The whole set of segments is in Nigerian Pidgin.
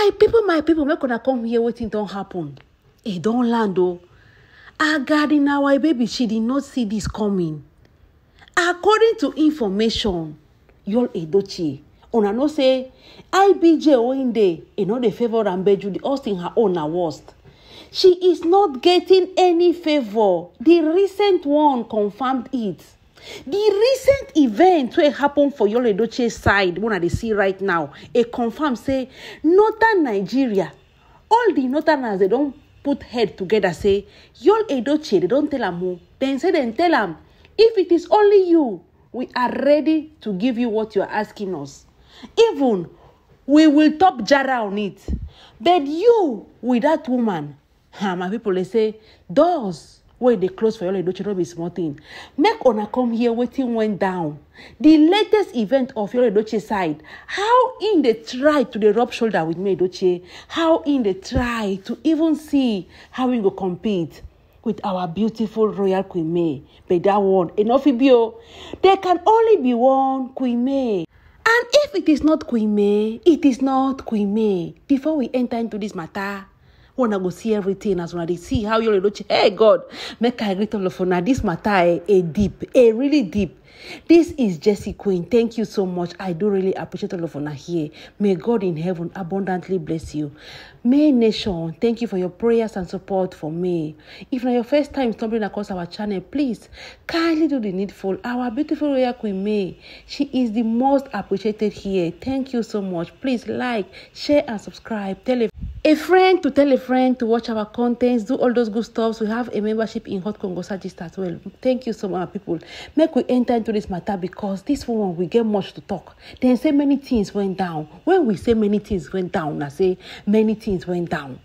my people my people make una come hear wetin don happen e don land o Our na our baby she dey not see this coming according to information yul edochie una know say ibj oyinde e no dey favour am beju the austin her own na worst she is not getting any favour the recent one confirmed it the recent event wey happen for yolo edoche side wey i dey see right now a confirm say northern nigeria all the northerners don't put head together. say yolo edoche don't tell oh. them who. dem say dem tell them, if it is only you we are ready to give you what you are asking us even we will top jara on it but you with that woman my people, dey say those. wey dey close for yolo edochie no be small thing make una come hear wetin went down The latest event of yolo edochie side how im dey try to dey rub shoulder with me edochie how im dey try to even see how im go compete with our beautiful royal queen may but that one enough be o oh. there can only be one queen may and if it is not queen may it is not queen may before we enter into this matter wanna go see everything as una dey see how yori doche hey god make i greet all of una this matter a eh, eh, deep a eh, really deep this is Jesse Queen. Thank you so much. I do really appreciate all of you here. May God in heaven abundantly bless you. May Nation, thank you for your prayers and support for me. If now your first time stumbling across our channel, please kindly do the needful. Our beautiful Royal Queen May, she is the most appreciated here. Thank you so much. Please like, share, and subscribe. Tell a a friend to tell a friend to watch our contents do all those good stuffs we have a membership in hot congosa gist as well thank you so much people make we enter into this matter because this one we get much to talk Then say many things went down when we say many things went down I say many things went down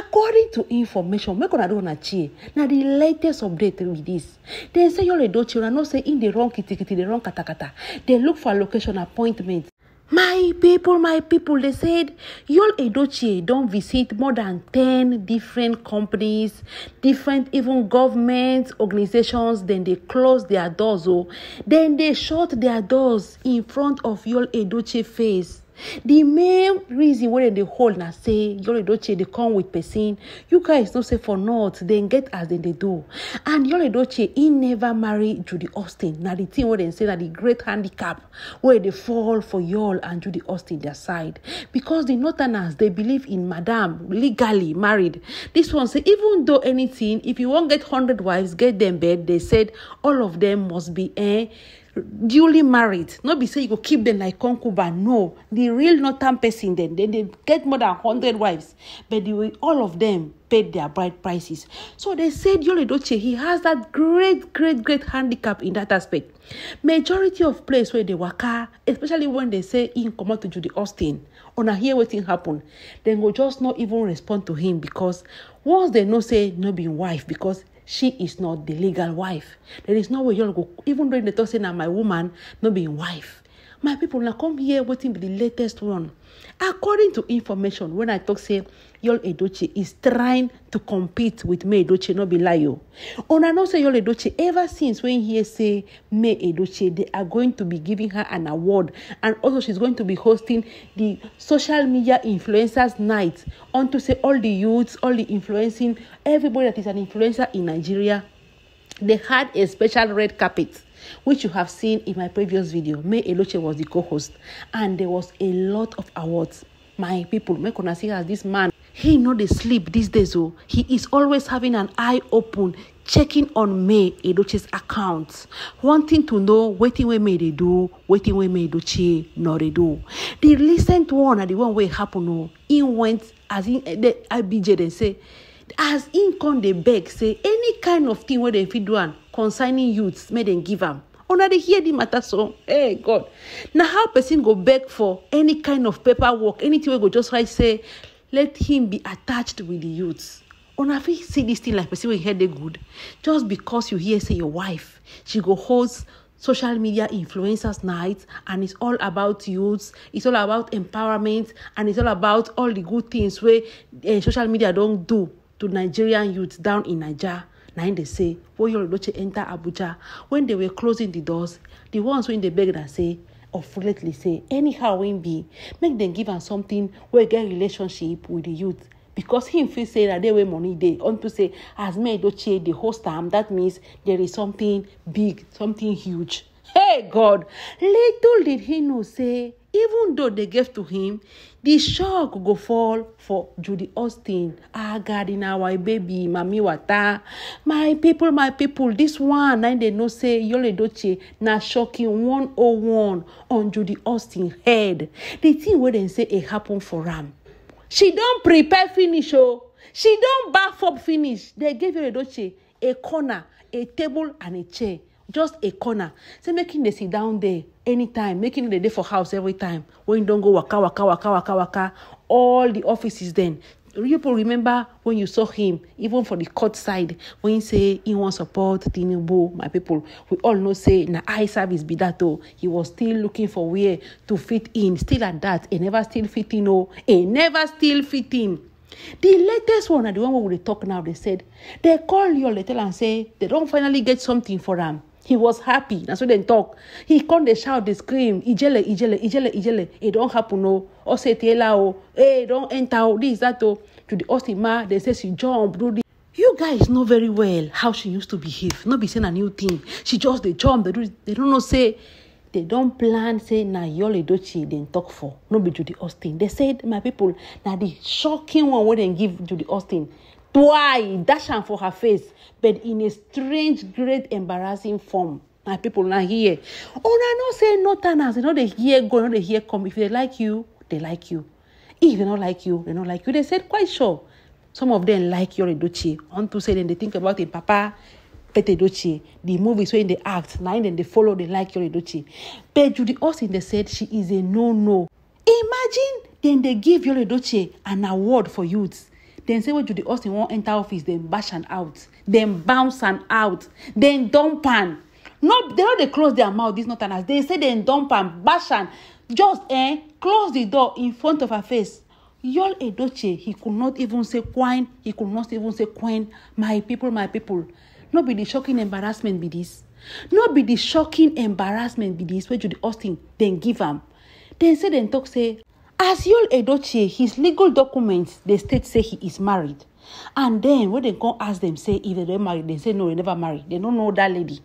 according to information make una do una cheer Now the latest update with this dem say you're yul edochie una know say im dey kitty, kitikiti dey run katakata They look for location appointment My people, my people, they said "Yol Edochie don't visit more than 10 different companies, different even government organizations, then they close their doors. Oh, then they shut their doors in front of Yol Edochie face the main reason wey dem dey hold na say yori doche dey come with person you guys know say for north dem get as dem dey do and yori he never marry judy austin na the thing wey dem say na the great handicap wey dey fall for yall and judy austin their side because the northerners dey believe in madam legally married this one say even though anything if you wan get hundred wives get them bed they said all of them must be eh duly married no be say you go keep them like concubine no the real northern person Then, dem they get more than hundred wives but they all of them paid their bride prices so they said Yul Edochie he has that great great great handicap in that aspect majority of place where they work, especially when they say im comot to Judy Austin una hear wetin happen then go just not even respond to him because once they know say no be wife because she is not the legal wife. There is no way you will go, even though they are saying I'm my woman, not being wife my people now come here waiting for the latest one according to information when i talk say Yol Edoche is trying to compete with Me Edoche, no be lie o oh. una say ever since when he say Me Edoche, they are going to be giving her an award and also she's going to be hosting the social media influencers night to say all the youths all the influencing everybody that is an influencer in nigeria they had a special red carpet which you have seen in my previous video. May Eloche was the co-host and there was a lot of awards. My people, make una see as this man, he not asleep sleep these days oh. He is always having an eye open, checking on May Edoche's account, wanting to know waiting wey May they do, waiting wey May Edoche not they do. The recent one and the one it happen oh. He went as in eh, the IBJ they say as in come dey beg say any kind of thing where they fit one. concerning youths may dem give am una oh, dey hear the matter so hey god na how person go beg for any kind of paperwork? work anything wey go just write say let him be attached with the youths una oh, fit see this thing like person wey head dey good just because you hear say your wife she go host social media influencers night and it's all about youths it's all about empowerment and it's all about all the good things wey uh, social media don do to nigerian youths down in naija na im dey say woyori loche enter abuja when they were closing the doors the ones wey dey beg am say of lately say anyhow wey be make dem give am something wey get relationship with the youth because him feel say na there wey money dey unto say as men dochie dey host am that means there is something big something huge hey god little did he know say even though they gave to him the shock go fall for judy austin ah god in our baby mami wata my people my people this one na they know say yole doche na shocking one oh one on judy austin head the thing wey dem say it happen for am she don't prepare finish oh. she don't baff up finish dey give yole doche a corner a table and a chair just a corner say making they sit down there anytime making the day for house every time when you don't go waka waka waka waka waka all the offices then. people remember when you saw him even for the court side when he say he wants support tinubu my people we all know say na eye service be that oh. he was still looking for where to fit in still at that he never still fit in o oh. he never still fit in. The latest one the one we will talk now. They said they call your they tell say they don't finally get something for him. he was happy na so dem talk he come dey shout dey scream ijele ijele ijele ijele e don happen o ose eh, tiela o e don enter o this that o to the ma, dey say she jump do this. you guys know very well how she used to behave no be say na new thing she just dey jump dey do they don't know say they don plan say na yole dochi. dem talk for no be judy austin they said my people na the shocking one wey dem give judy austin twi dash am for her face but in a strange great embarrassing form my people na here una know say no tanners they no dey hear go no dey hear come if they like you they like you if they no like you they no like you they said quite sure some of them like yori dochie unto say dem dey think about im papa Pete Doche, the movies wey dem dey act na im dem dey follow dey like Yori Doche. But Judy Austin dey said she is a no-no. Imagine dem dey give Yori Doche an award for youths dem say wey judy austin wan enter office dem bash am out dem bounce am out dem dump am no dem no dey close their mouth this northerners dem say dem dump am bash am just eh, close the door in front of her face Yol edochie he could not even say kwan he could not even say kwan my people my people no be the shocking embarrassment be this no be the shocking embarrassment be this wey judy austin dem give am dem say dem talk say As asiol edochie his legal documents dey state say he is married and then wey dem come ask dem say if dem don marry dem say no dem never marry dem no know dat lady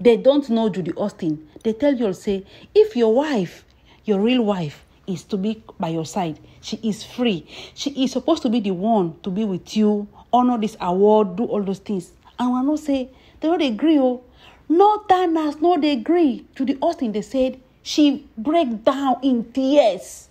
dem don't know judy austin dem tell you say if your wife your real wife is to be by your side she is free she is supposed to be the one to be with you honour this award do all those things and una know say dem oh. no dey gree o no danas no dey gree judy austin dey say she break down in tears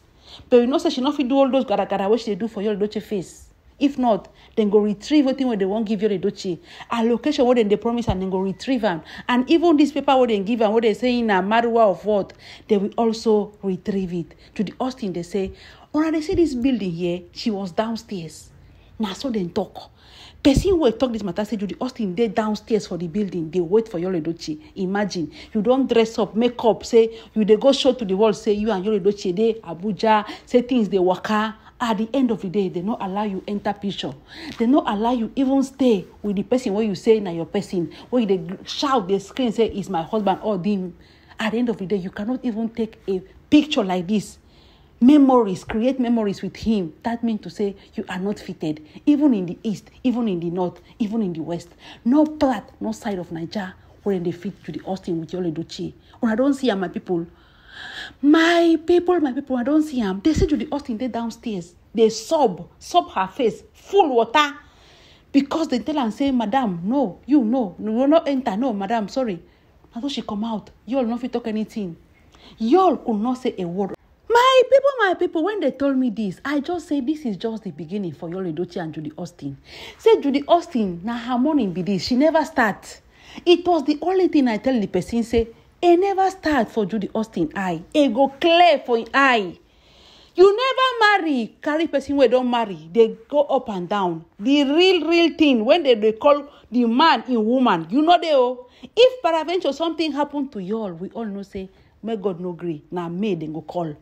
but you know say she not fit do all those gara gara. What she dey do for your doche face if not then go retrieve everything where they won't give you the doche her location wey dem promise and then go retrieve them. and even this paper wey they give and what they say a maruwa of what they will also retrieve it to the austin they say una dey see this building here she was downstairs na so dem talk person wey talk this matter say judy austin dey downstairs for the building dey wait for yore imagine you don dress up make up say you dey go show to the world say you and yore edochie dey abuja say things dey waka at the end of the day they no allow you enter picture they no allow you even stay with the person wey you say na your person wey you dey shout dey scream say is my husband or dim at the end of the day you cannot even take a picture like this memories create memories with him that mean to say you are not fitted even in the east even in the north even in the west no part no side of niger where they fit to the austin with yole dochi or i don't see am my people my people my people i don't see am they say to the austin dey downstairs dey sob sob her face full water because they tell am say madam no you no you no enter no madam sorry na so she come out yall no fit talk anything yall could not say a word my people when they told me this i just say this is just the beginning for yul and judy austin say judy austin na her morning be this she never start it was the only thing i tell the person say "It e never start for judy austin eye it go clear for im eye you never marry carry person where don't marry they go up and down the real real thing when they dey call the man in woman you know dey o oh. if paraventure something happen to yall we all know say may god no agree. na may dem go call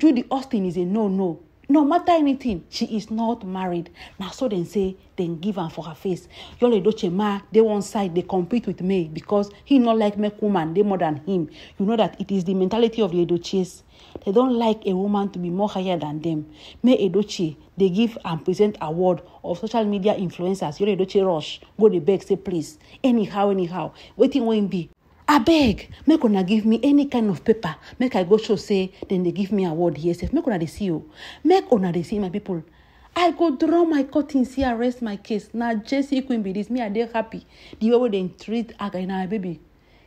judy austin is a no no no matter anything she is not married na so dem say dem give am for her face yul edochie ma dey one side dey compete with may because he no like make woman dey more than him you know that it is the mentality of the edochies they don like a woman to be more higher than them may edochie dey give and present award of social media influencers yul edochie rush go dey beg say please anyhow anyhow wetin wey be abeg make una give me any kind of paper make i go show say dem dey give me award here sef make una dey see o make una dey see my people i go draw my curtain see arrest my case na jesse queen be this me i dey happy the way wey dem treat agai na my baby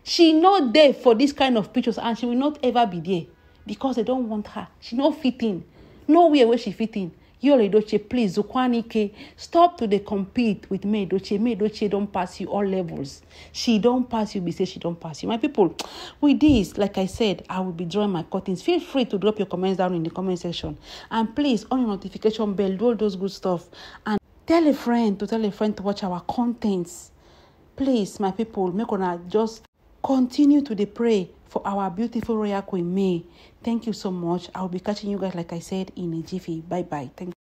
she no dey for this kind of pictures and she will not ever be there because they don want her she no fit in nowhere wey she fit in Yul doche please, Zukwanike, stop to de compete with Doche me doche do don pass you all levels. She don pass you, be say she don pass you. My people, with this, like I said, I will be drawing my curtains. Feel free to drop your comments down in the comment section. And please, on your notification bell, do all those good stuff. And tell a friend to tell a friend to watch our contents. Please, my people, make una just continue to de pray for our beautiful Royal Queen May. Thank you so much. I'll be catching you guys, like I said, in a jiffy. Bye bye. Thank